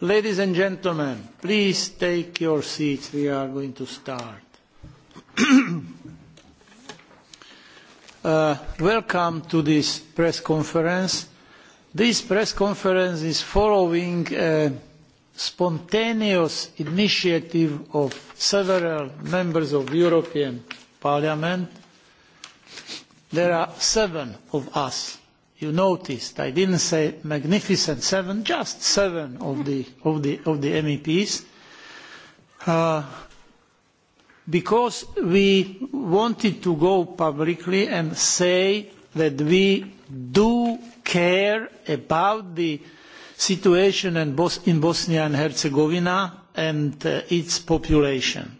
Ladies and gentlemen, please take your seats. We are going to start. Welcome to this press conference. This press conference is following a spontaneous initiative of several members of the European Parliament. There are seven of us you noticed I didn't say magnificent seven, just seven of the MEPs, because we wanted to go publicly and say that we do care about the situation in Bosnia and Herzegovina and its population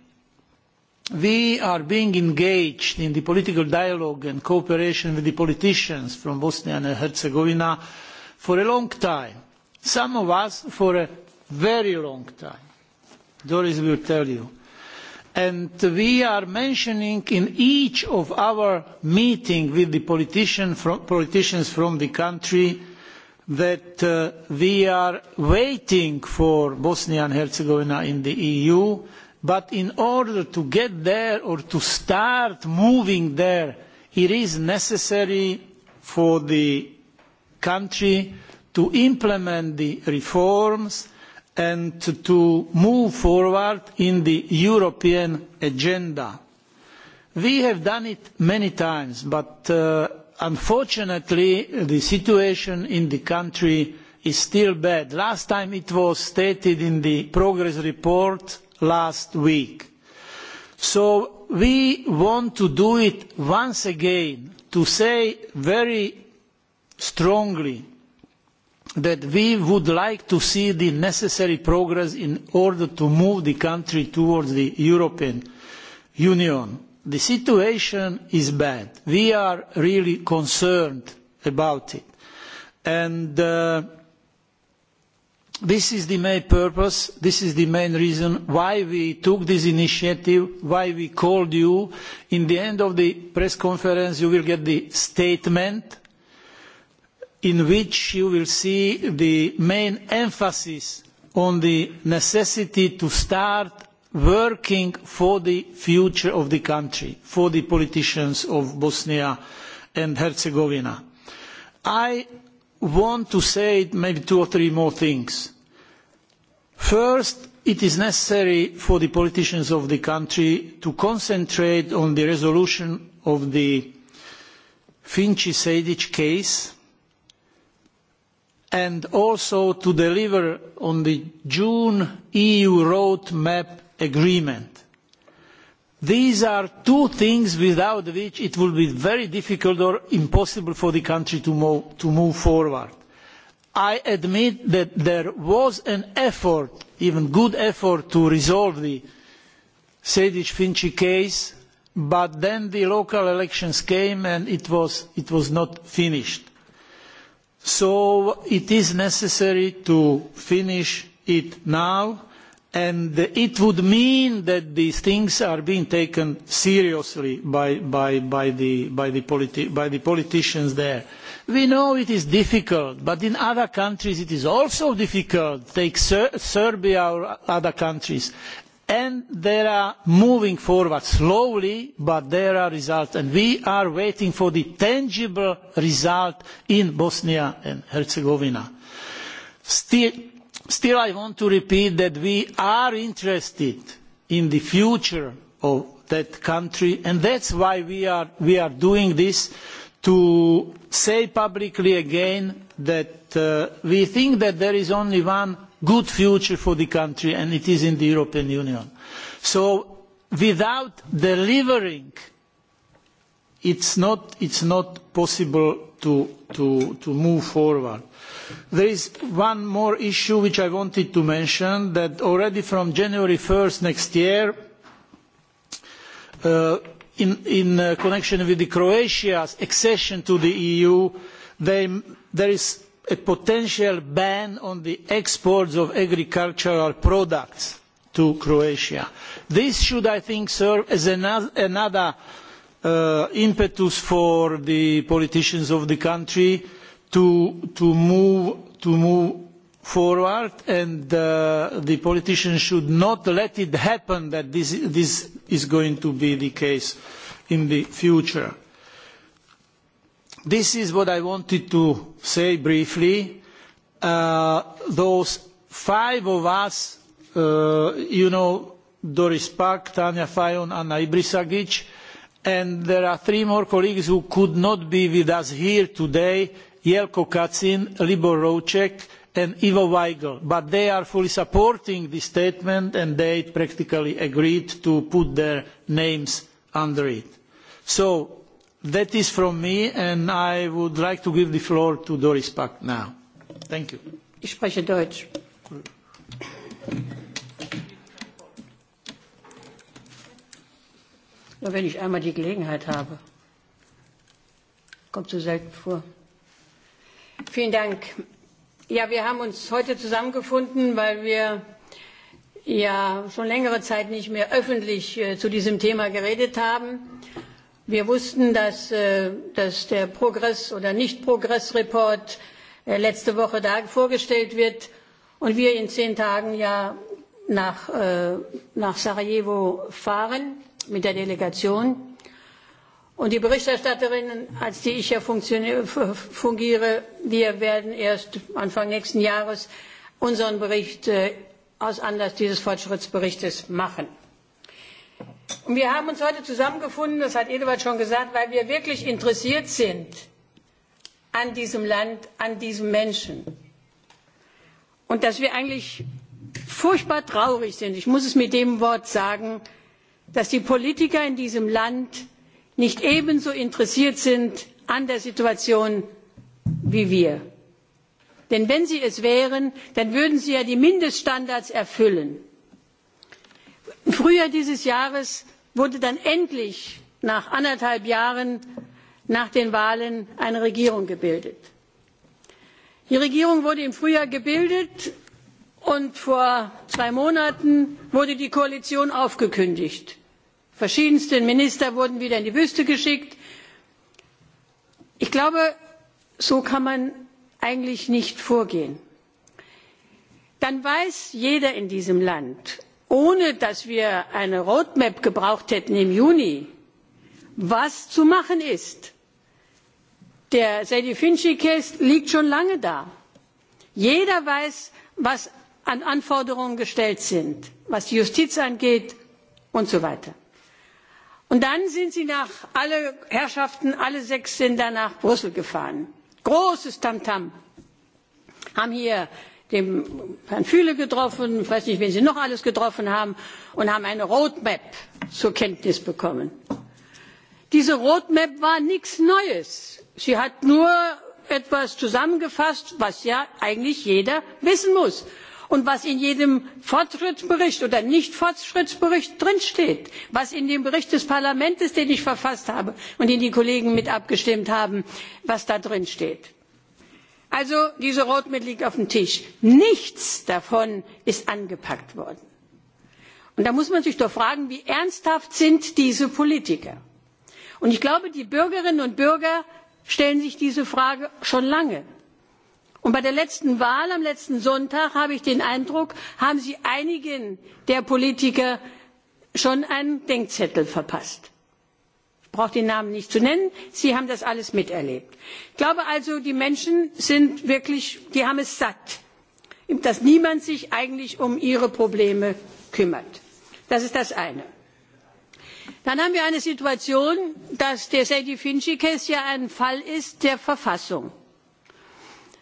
We are being engaged in the political dialogue and cooperation with the politicians from Bosnia and Herzegovina for a long time, some of us for a very long time. Doris will tell you. And we are mentioning in each of our meetings with the politicians from the country that we are waiting for Bosnia and Herzegovina in the EU but in order to get there or to start moving there it is necessary for the country to implement the reforms and to move forward in the european agenda. we have done it many times but unfortunately the situation in the country is still bad. last time it was stated in the progress report last week. So we want to do it once again to say very strongly that we would like to see the necessary progress in order to move the country towards the European Union. The situation is bad. We are really concerned about it. And This is the main purpose, this is the main reason why we took this initiative, why we called you. In the end of the press conference you will get the statement in which you will see the main emphasis on the necessity to start working for the future of the country, for the politicians of Bosnia and Herzegovina. I want to say maybe two or three more things. First, it is necessary for the politicians of the country to concentrate on the resolution of the Finci Sedic case and also to deliver on the June EU road map agreement These are two things without which it will be very difficult or impossible for the country to move forward. I admit that there was an effort, even a good effort, to resolve the Sejdic-Finci case, but then the local elections came and it was not finished. So it is necessary to finish it now and it would mean that these things are being taken seriously by the politicians there. we know it is difficult but in other countries it is also difficult take serbia or other countries and they are moving forward slowly but there are results and we are waiting for the tangible result in bosnia and herzegovina. still Still, I want to repeat that we are interested in the future of that country, and that is why we are doing this to say publicly again that we think that there is only one good future for the country, and it is in the European Union. So, without delivering, it is not possible to move forward. There is one more issue which I wanted to mention, that already from January 1st next year, in connection with Croatia's accession to the EU, there is a potential ban on the exports of agricultural products to Croatia. This should, I think, serve as another impetus for the politicians of the country to move forward and the politicians should not let it happen that this is going to be the case in the future. This is what I wanted to say briefly. Those five of us, you know, Doris Pack, Tanja Fayon, Anna Ibrisagic, and there are three more colleagues who could not be with us here today Jelko Kacin, Libor Rouček and Ivo Weigel, but they are fully supporting this statement and they practically agreed to put their names under it. So that is from me and I would like to give the floor to Doris Pack now. Thank you. Ich spreche Deutsch. wenn ich einmal die Gelegenheit habe. Kommt so selten vor. Vielen Dank. Ja, wir haben uns heute zusammengefunden, weil wir ja schon längere Zeit nicht mehr öffentlich zu diesem Thema geredet haben. Wir wussten, dass der Progress- oder Nicht-Progress-Report letzte Woche vorgestellt wird und wir in zehn Tagen ja nach Sarajevo fahren mit der Delegation. Und die Berichterstatterinnen, als die ich hier fungiere, wir werden erst Anfang nächsten Jahres unseren Bericht aus Anlass dieses Fortschrittsberichts machen. Wir haben uns heute zusammengefunden, das hat Eduard schon gesagt, weil wir wirklich interessiert sind an diesem Land, an diesen Menschen. Und dass wir eigentlich furchtbar traurig sind, ich muss es mit dem Wort sagen, dass die Politiker in diesem Land nicht ebenso interessiert sind an der situation wie wir. denn wenn sie es wären dann würden sie ja die mindeststandards erfüllen. im frühjahr dieses jahres wurde dann endlich nach anderthalb jahren nach den wahlen eine regierung gebildet. die regierung wurde im frühjahr gebildet und vor zwei monaten wurde die koalition aufgekündigt. Verschiedenste minister wurden wieder in die wüste geschickt. ich glaube so kann man eigentlich nicht vorgehen. dann weiß jeder in diesem land ohne dass wir eine roadmap gebraucht hätten im juni was zu machen ist. der sejdi finci case liegt schon lange da. jeder weiß was an anforderungen gestellt sind was die justiz angeht und so weiter und dann sind sie nach alle herrschaften alle sechs sind dann nach brüssel gefahren großes tamtam haben hier den herrn füle getroffen ich weiß nicht wen sie noch alles getroffen haben und haben eine roadmap zur kenntnis bekommen. diese roadmap war nichts neues sie hat nur etwas zusammengefasst was ja eigentlich jeder wissen muss und was in jedem fortschrittsbericht oder nicht fortschrittsbericht steht was in dem bericht des parlaments den ich verfasst habe und den die kollegen mit abgestimmt haben was da also diese roadmap liegt auf dem tisch. nichts davon ist angepackt worden. und da muss man sich doch fragen wie ernsthaft sind diese politiker? und ich glaube die bürgerinnen und bürger stellen sich diese frage schon lange und bei der letzten wahl am letzten sonntag habe ich den eindruck haben sie einigen der politiker schon einen denkzettel verpasst. ich brauche den namen nicht zu nennen sie haben das alles miterlebt. ich glaube also die menschen sind wirklich die haben es satt dass niemand sich eigentlich um ihre probleme kümmert. das ist das eine. dann haben wir eine situation dass der sejdi finci case ja ein fall ist der verfassung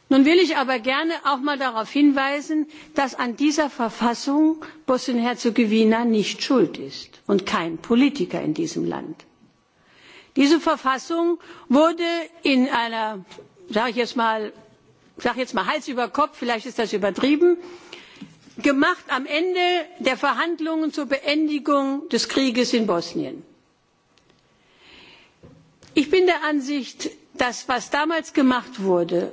nun will ich aber gerne auch mal darauf hinweisen dass an dieser verfassung bosnien herzegowina nicht schuld ist und kein politiker in diesem land. diese verfassung wurde in einer sage jetzt mal hals über kopf vielleicht ist das übertrieben gemacht am ende der verhandlungen zur beendigung des krieges in bosnien. ich bin der ansicht dass was damals gemacht wurde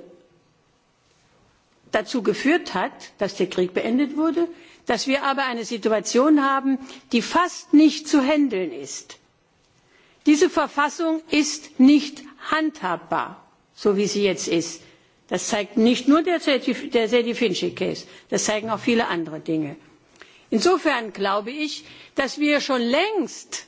dazu geführt hat dass der krieg beendet wurde dass wir aber eine situation haben die fast nicht zu handeln ist. diese verfassung ist nicht handhabbar so wie sie jetzt ist. das zeigt nicht nur der sejdi case das zeigen auch viele andere dinge. insofern glaube ich dass wir schon längst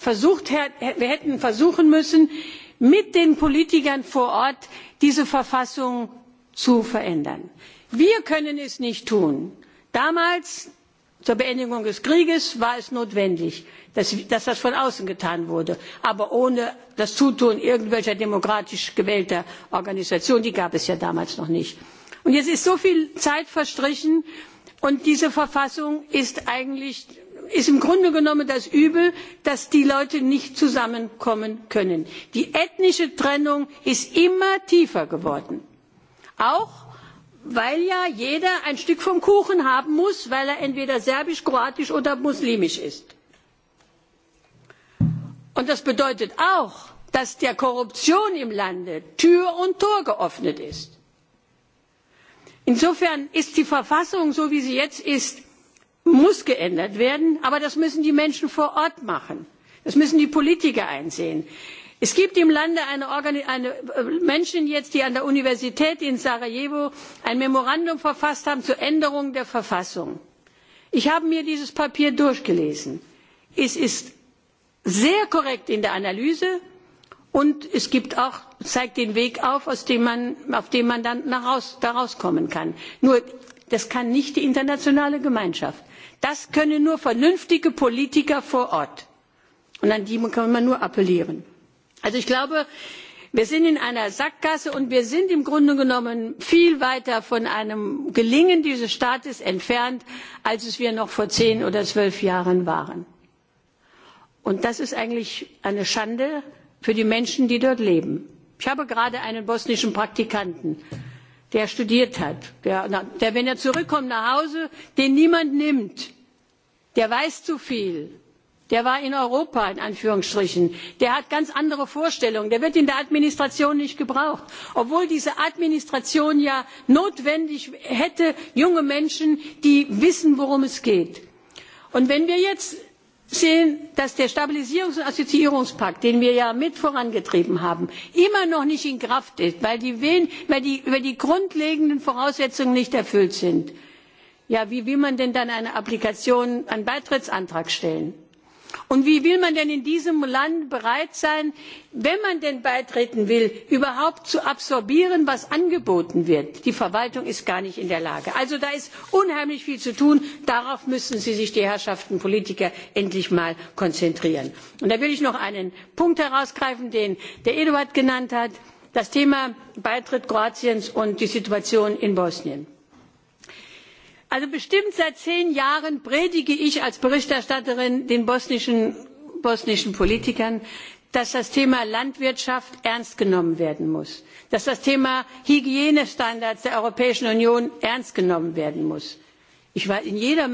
hätten versuchen müssen mit den politikern vor ort diese verfassung zu verändern. wir können es nicht tun. damals zur beendigung des krieges war es notwendig dass das von außen getan wurde aber ohne das zutun irgendwelcher demokratisch gewählter organisationen die gab es ja damals noch nicht. jetzt ist so viel zeit verstrichen und diese verfassung ist eigentlich ist im grunde genommen das übel dass die leute nicht zusammenkommen können. die ethnische trennung ist immer tiefer geworden auch weil ja jeder ein stück vom kuchen haben muss weil er entweder serbisch kroatisch oder muslimisch ist. und das bedeutet auch dass der korruption im lande tür und tor geöffnet ist. insofern ist die verfassung so wie sie jetzt ist geändert werden aber das müssen die menschen vor ort machen das müssen die politiker einsehen es gibt im lande menschen jetzt die an der universität in sarajevo ein memorandum verfasst haben zur änderung der verfassung. ich habe mir dieses papier durchgelesen. es ist sehr korrekt in der analyse und es zeigt den weg auf auf dem man dann herauskommen kann. nur das kann nicht die internationale gemeinschaft. das können nur vernünftige politiker vor ort und an die kann man nur appellieren also ich glaube wir sind in einer sackgasse und wir sind im grunde genommen viel weiter von einem gelingen dieses staates entfernt als es wir noch vor zehn oder zwölf jahren waren. und das ist eigentlich eine schande für die menschen die dort leben. ich habe gerade einen bosnischen praktikanten der studiert hat der wenn er zurückkommt nach hause den niemand nimmt der weiß zu viel der war in Europa in Anführungsstrichen, der hat ganz andere Vorstellungen, der wird in der Administration nicht gebraucht, obwohl diese Administration ja notwendig hätte junge Menschen, die wissen, worum es geht. Und wenn wir jetzt sehen dass der stabilisierungs und assoziierungspakt den wir ja mit vorangetrieben haben immer noch nicht in kraft ist weil die grundlegenden voraussetzungen nicht erfüllt sind ja wie will man denn dann eine applikation einen beitrittsantrag stellen? und wie will man denn in diesem land bereit sein wenn man denn beitreten will überhaupt zu absorbieren was angeboten wird? die verwaltung ist gar nicht in der lage. also da ist unheimlich viel zu tun darauf müssen sich die herrschaften politiker endlich mal konzentrieren. und da will ich noch einen punkt herausgreifen den der eduard genannt hat das thema beitritt kroatiens und die situation in bosnien also bestimmt seit zehn jahren predige ich als berichterstatterin den bosnischen politikern dass das thema landwirtschaft ernst genommen werden muss dass das thema hygienestandards der europäischen union ernst genommen werden muss. in jeder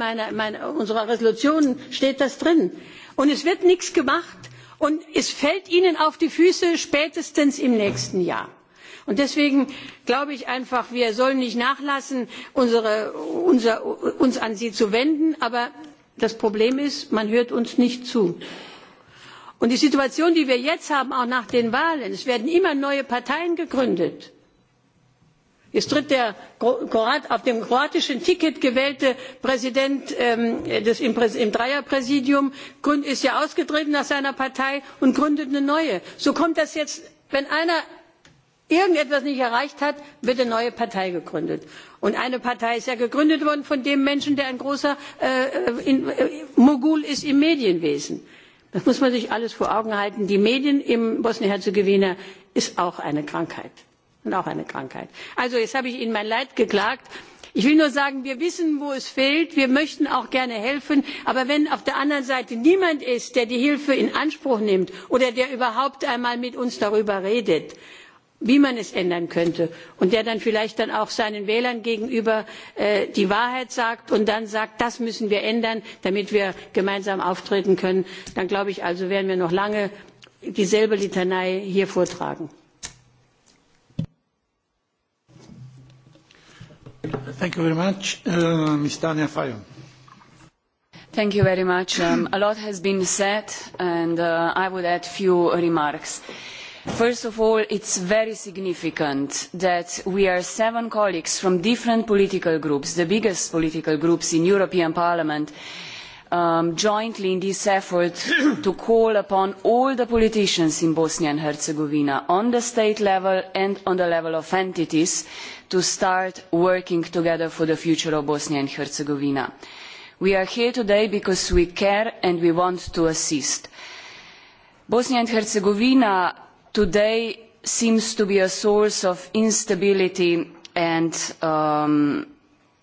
unserer entschließungen steht das drin. und es wird nichts gemacht und es fällt ihnen auf die füße spätestens im nächsten jahr und deswegen glaube ich einfach wir sollen nicht nachlassen uns an sie zu wenden aber das problem ist man hört uns nicht zu. und die situation die wir jetzt haben auch nach den wahlen es werden immer neue parteien gegründet jetzt tritt der auf dem kroatischen ticket gewählte präsident im dreierpräsidium ist ja ausgetreten aus seiner partei und gründet eine neue. so kommt das jetzt wenn irgendetwas nicht erreicht hat wird eine neue partei gegründet. und eine partei ist ja gegründet worden von dem menschen der ein großer mogul ist im medienwesen. das muss man sich alles vor augen halten. die medien in bosnien herzegowina sind auch eine krankheit. also jetzt habe ich ihnen mein leid geklagt. ich will nur sagen wir wissen wo es fehlt wir möchten auch gerne helfen aber wenn auf der anderen seite niemand ist der die hilfe in anspruch nimmt oder der überhaupt einmal mit uns darüber redet wie man es ändern könnte und der dann vielleicht dann auch seinen wählern gegenüber die wahrheit sagt und dann sagt das müssen wir ändern damit wir gemeinsam auftreten können dann glaube ich also werden wir noch lange dieselbe litanei hier vortragen. A lot has been said and I would add few remarks First of all, it is very significant that we are seven colleagues from different political groups, the biggest political groups in European Parliament, jointly in this effort to call upon all the politicians in Bosnia and Herzegovina, on the state level and on the level of entities, to start working together for the future of Bosnia and Herzegovina. We are here today because we care and we want to assist. Bosnia and Herzegovina today seems to be a source of instability and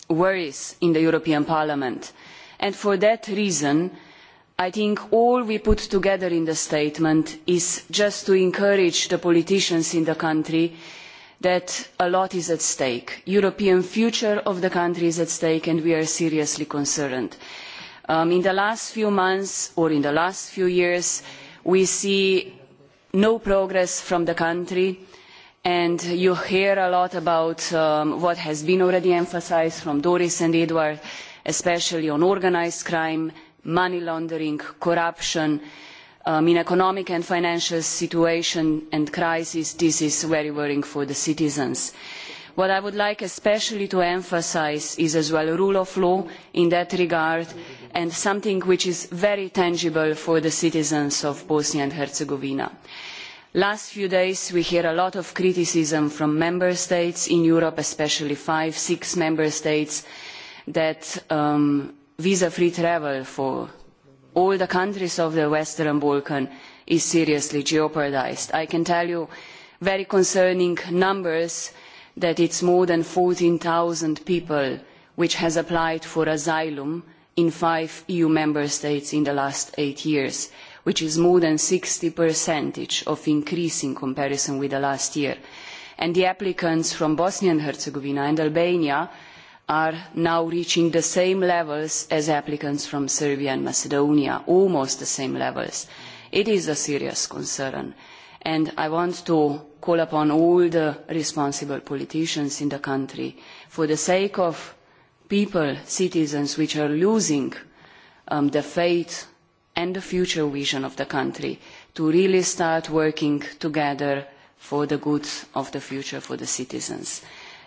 worries in the European Parliament. And for that reason, I think all we put together in the statement is just to encourage the politicians in the country that a lot is at stake. The European future of the country is at stake and we are seriously concerned. In the last few months or in the last few years, we see no progress from the country and you hear a lot about what has been already emphasised from doris and eduard especially on organised crime money laundering corruption. in economic and financial situation and crisis this is very worrying for the citizens. What I would like especially to emphasise is as well the rule of law in that regard and something which is very tangible for the citizens of Bosnia and Herzegovina. Last few days we hear a lot of criticism from Member States in Europe, especially five, six Member States, that visa free travel for all the countries of the Western Balkans is seriously jeopardised. I can tell you very concerning numbers that it's more than 14,000 people which has applied for asylum in five EU member states in the last eight years, which is more than 60 percentage of increase in comparison with the last year. And the applicants from Bosnia and Herzegovina and Albania are now reaching the same levels as applicants from Serbia and Macedonia, almost the same levels. It is a serious concern. And I want to call upon all the responsible politicians in the country for the sake of people, citizens, which are losing the faith and the future vision of the country, to really start working together for the good of the future for the citizens.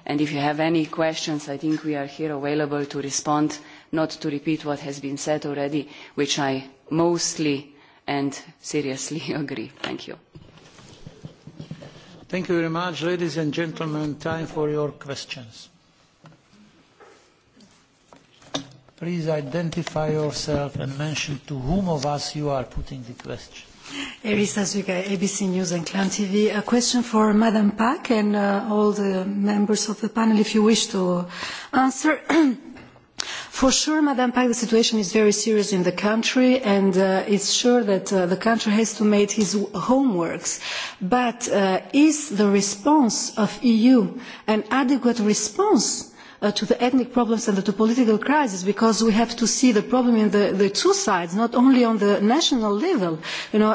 And if you have any questions, I think we are here available to respond, not to repeat what has been said already, which I mostly and seriously agree. Thank you. Thank you very much, ladies and gentlemen. Time for your questions. Please identify yourself and mention to whom of us you are putting the question. Elisa Zwiga, ABC News and Clan TV. A question for Madam Pak and all the members of the panel, if you wish to answer For sure, Madam Pak, the situation is very serious in the country, and it's sure that the country has to make his homeworks. But is the response of EU an adequate response to the ethnic problems and to political crisis? Because we have to see the problem in the two sides, not only on the national level. You know,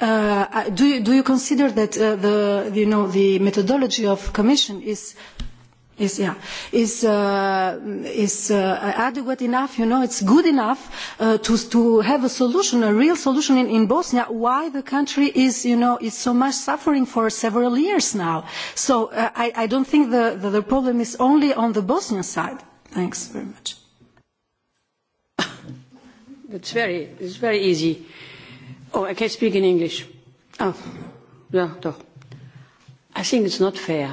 Do you consider that the, you know, the methodology of Commission is is yeah is is adequate enough you know it's good enough to to have a solution a real solution in bosnia why the country is you know is so much suffering for several years now so i don't think the the problem is only on the bosnian side thanks very much it's very it's very easy oh i can speak in english oh yeah i think it's not fair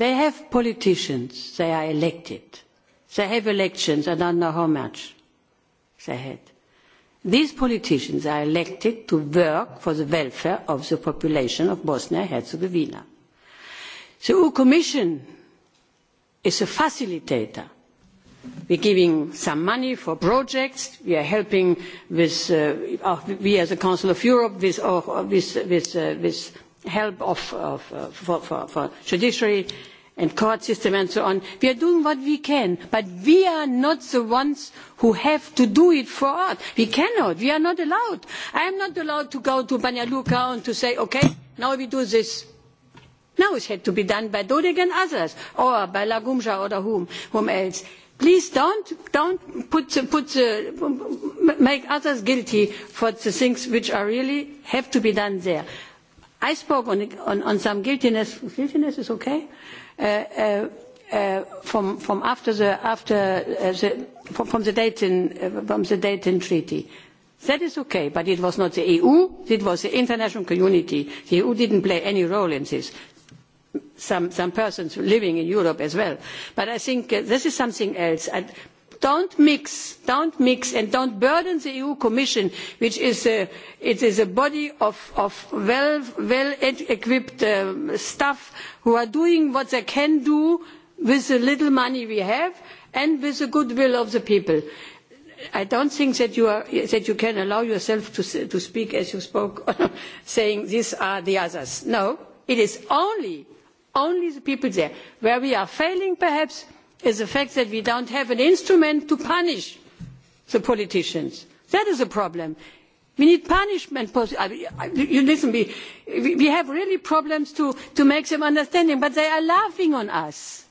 They have politicians. They are elected. They have elections. I don't know how much they had. These politicians are elected to work for the welfare of the population of Bosnia and Herzegovina. The EU Commission is a facilitator. We are giving some money for projects. We are helping with, we as the Council of Europe, with help for judiciary and court system and so on. We are doing what we can, but we are not the ones who have to do it for us. We cannot. We are not allowed. I am not allowed to go to Banja Luka and to say, okay, now we do this. Now it had to be done by Dodig and others, or by Lagumja or whom, whom else. Please don't, don't put, put, make others guilty for the things which are really have to be done there. I spoke on, on, on some guiltiness. Guiltiness is okay from from after the after the from the Dayton from the Dayton Treaty. That is okay, but it was not the EU, it was the international community. The EU didn't play any role in this. Some some persons living in Europe as well. But I think this is something else don't mix don't mix and don't burden the eu commission which is a body of well equipped staff who are doing what they can do with the little money we have and with the goodwill of the people. i do not think that you can allow yourself to speak as you spoke saying these are the others. no it is only the people there. where we are failing perhaps is the fact that we do not have an instrument to punish the politicians. that is a problem. we need punishment. listen we have really problems to make them understand but they are laughing on us.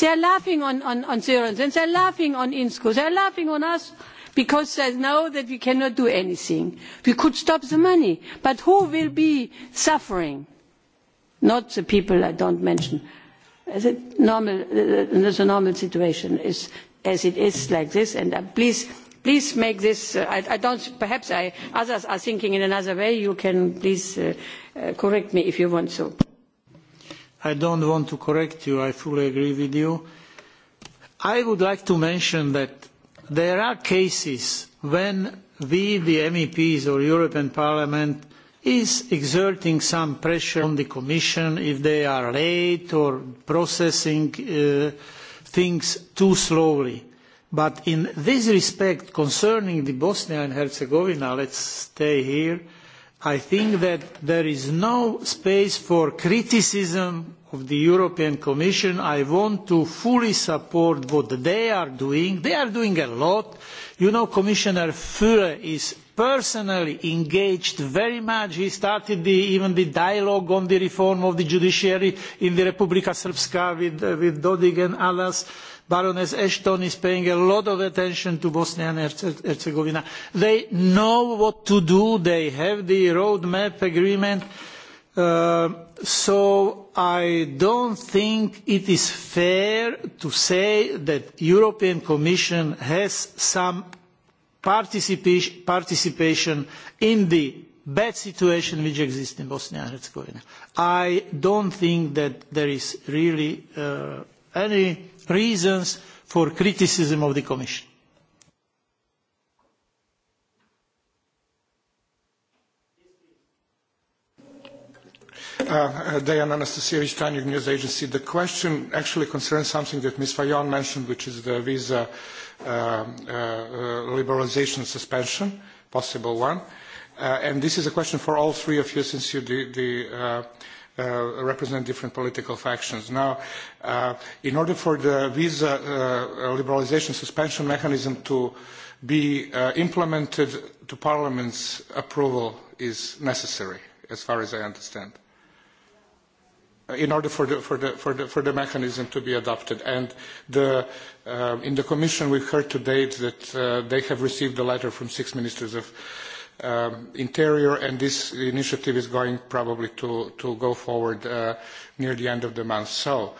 they are laughing on syrians and they are laughing on inzko. they are laughing on us because they know that we cannot do anything. we could stop the money but who will be suffering? not the people i don't mention As it normal, the normal situation as it is like this, and please, please make this. I don't. Perhaps I. others are thinking in another way. You can please correct me if you want so. I don't want to correct you. I fully agree with you. I would like to mention that there are cases when we, the MEPs or European Parliament, is exerting some pressure on the Commission if they are late or processing things too slowly. But in this respect, concerning the Bosnia and Herzegovina, let's stay here, I think that there is no space for criticism of the European Commission, I want to fully support what they are doing. They are doing a lot. You know, Commissioner Füle is personally engaged very much. He started even the dialogue on the reform of the judiciary in the Republika Srpska with Dodig and others. Baroness Ashton is paying a lot of attention to Bosnia and Herzegovina. They know what to do. They have the roadmap agreement. So I don't think it is fair to say that the European Commission has some participation in the bad situation which exists in Bosnia and Herzegovina. I don't think that there is really any reasons for criticism of the Commission. Diana Anastasievich, Tanya News Agency. The question actually concerns something that Ms. Fayon mentioned, which is the visa liberalization suspension, possible one. And this is a question for all three of you since you represent different political factions. Now, in order for the visa liberalization suspension mechanism to be implemented, to Parliament's approval is necessary, as far as I understand in order for the mechanism to be adopted. And in the Commission we've heard to date that they have received a letter from six ministers of Interior, and this initiative is going probably to go forward near the end of the month. So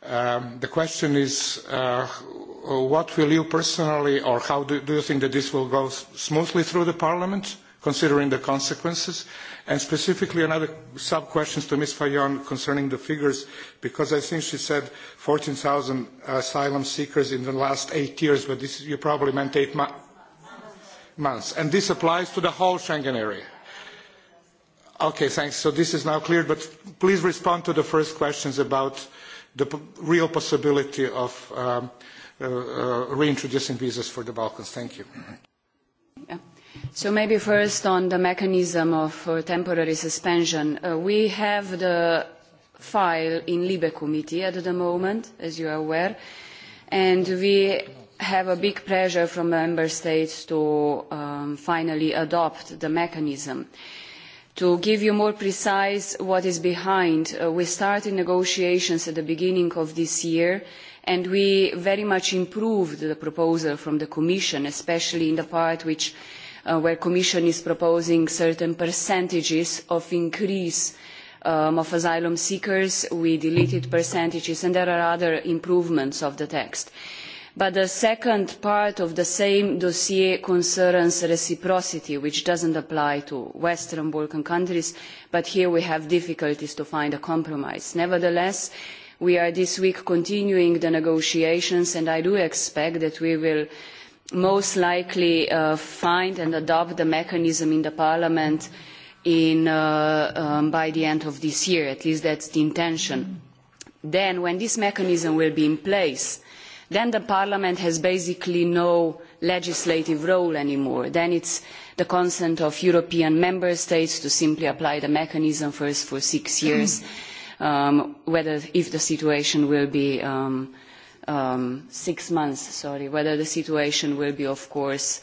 the question is, what will you personally, or how do you think that this will go smoothly through the Parliament? considering the consequences. And specifically another sub-question to Ms. Fayon concerning the figures, because I think she said 14,000 asylum seekers in the last eight years, but this, you probably meant eight months. And this applies to the whole Schengen area. Okay, thanks. So this is now clear, but please respond to the first questions about the real possibility of reintroducing visas for the Balkans. Thank you. So maybe first on the mechanism of temporary suspension. We have the file in LIBE committee at the moment, as you are aware, and we have a big pressure from member states to finally adopt the mechanism. To give you more precise what is behind, we started negotiations at the beginning of this year and we very much improved the proposal from the Commission, especially in the part which where the Commission is proposing certain percentages of increase of asylum seekers, we deleted percentages, and there are other improvements of the text. But the second part of the same dossier concerns reciprocity, which doesn't apply to Western Balkan countries, but here we have difficulties to find a compromise. Nevertheless, we are this week continuing the negotiations, and I do expect that we will most likely find and adopt the mechanism in the Parliament by the end of this year. At least that's the intention. Then, when this mechanism will be in place, then the Parliament has basically no legislative role anymore. Then it's the consent of European member states to simply apply the mechanism first for six years, whether if the situation will be six months, sorry, whether the situation will be, of course,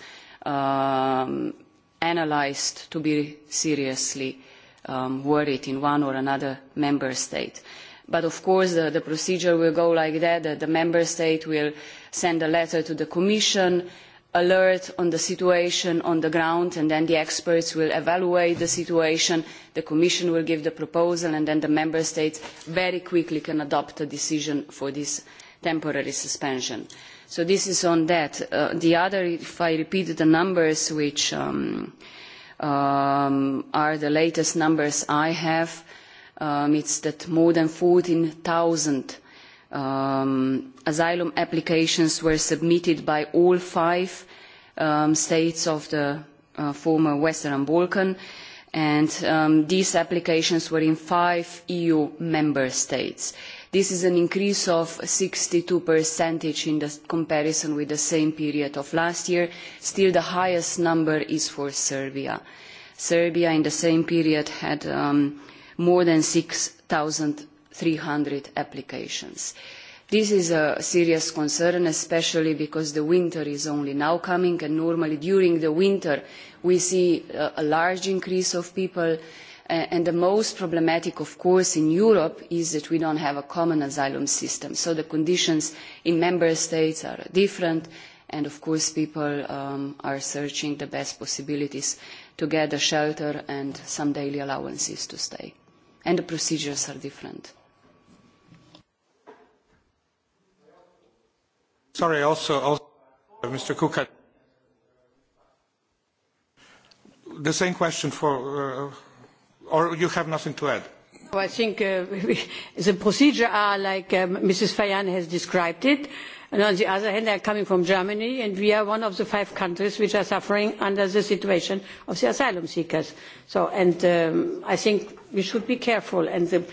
analysed to be seriously worried in one or another member state. But, of course, the procedure will go like that, that the member state will send a letter to the Commission, alert on the situation on the ground, and then the experts will evaluate the situation, the Commission will give the proposal, and then the member states very quickly can adopt a decision for this temporary suspension. So this is on that. The other, if I repeat the numbers, which are the latest numbers I have, it's that more than 14,000 asylum applications were submitted by all five states of the former Western Balkan, and these applications were in five EU member states. This is an increase of 62 two in comparison with the same period of last year. Still, the highest number is for Serbia. Serbia in the same period had more than 6,300 applications. This is a serious concern, especially because the winter is only now coming and normally during the winter we see a large increase of people and the most problematic of course in europe is that we don't have a common asylum system so the conditions in member states are different and of course people are searching the best possibilities to get a shelter and some daily allowances to stay and the procedures are different sorry also mr the same question for Or you have nothing to add? I think the procedure are like Mrs. Fayan has described it. And on the other hand, I am coming from Germany, and we are one of the five countries which are suffering under the situation of the asylum seekers. So, and I think we should be careful, and the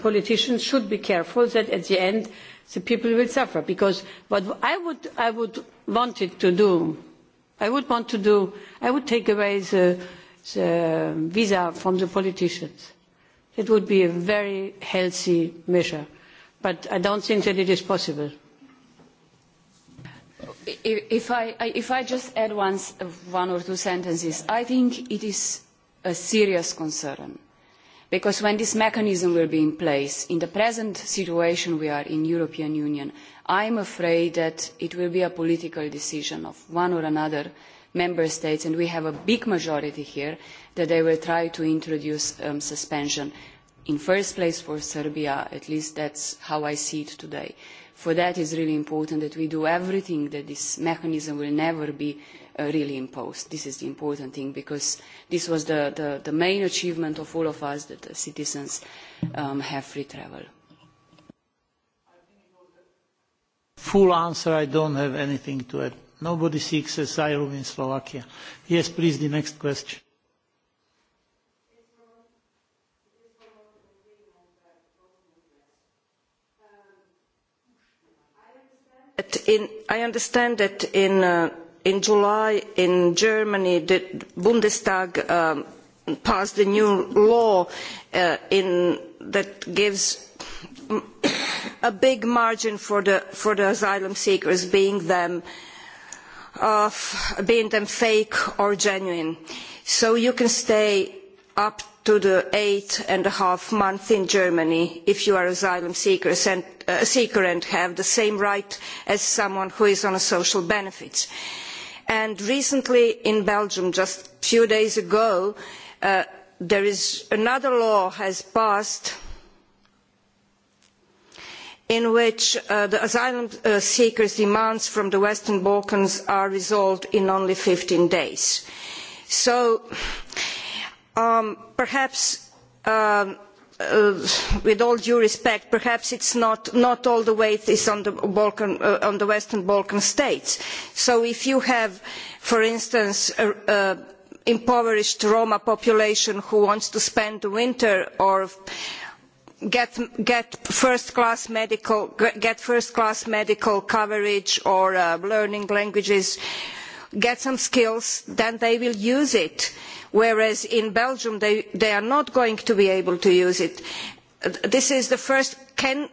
politicians should be careful that at the end the people will suffer. Because what I would, I would want it to do, I would want to do, I would take away the the visa from the politicians. It would be a very healthy measure, but I don't think that it is possible. If I just add one or two sentences, I think it is a serious concern, because when this mechanism will be in place, in the present situation we are in European Union, I am afraid that it will be a political decision of one or another member states and we have a big majority here that they will try to introduce suspension in first place for serbia at least that's how i see it today. for that it is really important that we do everything that this mechanism will never be really imposed. this is the important thing because this was the main achievement of all of us that citizens have free travel. full answer i don't have anything to add. Nobody seeks asylum in Slovakia. Yes, please, the next question. I understand that in July in Germany the Bundestag passed a new law that gives a big margin for the asylum seekers, being them Of being them fake or genuine. So you can stay up to the eight and a half months in Germany if you are an asylum seeker and have the same right as someone who is on a social benefits. And recently in Belgium, just a few days ago, there is another law has passed in which the asylum seekers' demands from the Western Balkans are resolved in only 15 days. So perhaps, with all due respect, perhaps it's not all the weight is on the Western Balkan states. So if you have, for instance, an impoverished Roma population who wants to spend the winter or get first class medical coverage or learning languages get some skills then they will use it whereas in belgium they are not going to be able to use it. this is the first can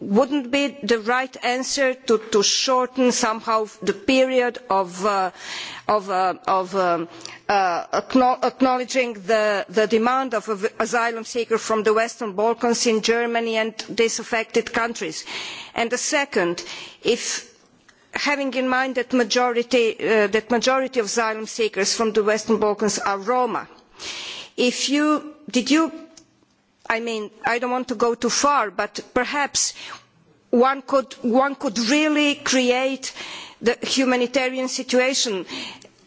would not be the right answer to shorten somehow the period of acknowledging the demand of asylum seekers from the western balkans in germany and disaffected countries? and the second if having in mind that the majority of asylum seekers from the western balkans are roma did you I mean, I don't want to go too far, but perhaps one could really create the humanitarian situation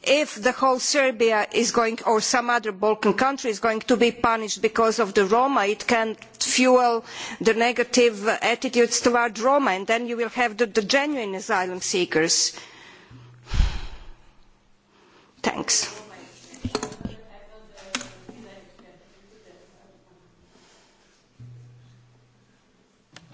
if the whole Serbia is going or some other Balkan country is going to be punished because of the Roma, it can fuel the negative attitudes towards Roma, and then you will have the genuine asylum seekers. Thanks.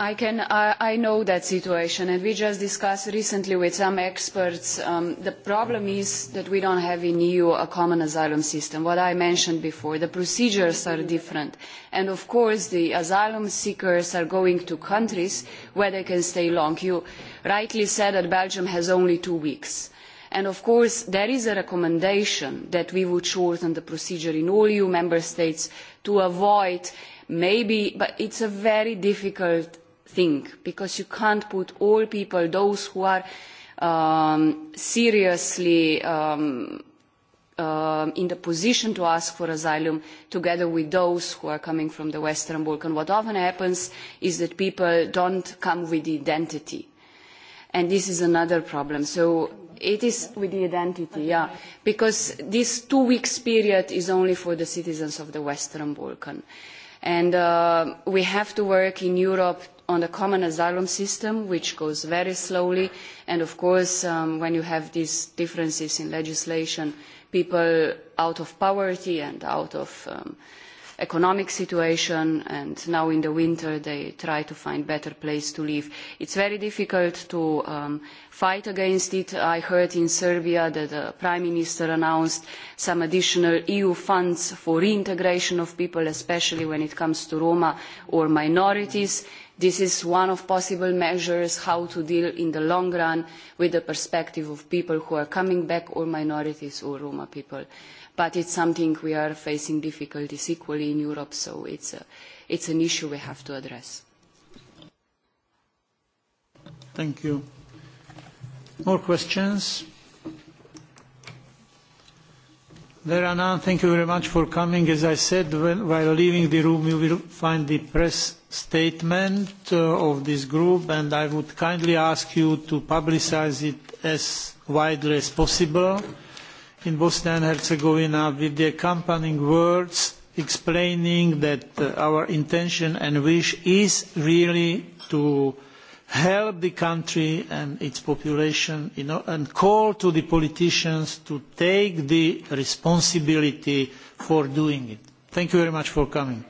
I know that situation and we just discussed recently with some experts. The problem is that we don't have in EU a common asylum system, what I mentioned before. The procedures are different and of course the asylum seekers are going to countries where they can stay long. You rightly said that Belgium has only two weeks. And of course there is a recommendation that we would shorten the procedure in all EU member states to avoid maybe, but it's a very difficult thing because you can't put all people those who are seriously in the position to ask for asylum together with those who are coming from the western Balkan. what often happens is that people don't come with identity and this is another problem. so it is with the identity yeah because this two weeks period is only for the citizens of the western balkans and we have to work in europe on the common asylum system, which goes very slowly. And of course, when you have these differences in legislation, people out of poverty and out of economic situation and now in the winter they try to find a better place to live. It is very difficult to fight against it. I heard in Serbia that the Prime Minister announced some additional EU funds for reintegration of people, especially when it comes to Roma or minorities. This is one of possible measures how to deal in the long run with the perspective of people who are coming back or minorities or Roma people but it's something we are facing difficulties equally in Europe, so it's an issue we have to address. Thank you. More questions? There are none. Thank you very much for coming. As I said, while leaving the room, you will find the press statement of this group, and I would kindly ask you to publicize it as widely as possible in Bosnia and Herzegovina with the accompanying words explaining that our intention and wish is really to help the country and its population and call to the politicians to take the responsibility for doing it. Thank you very much for coming.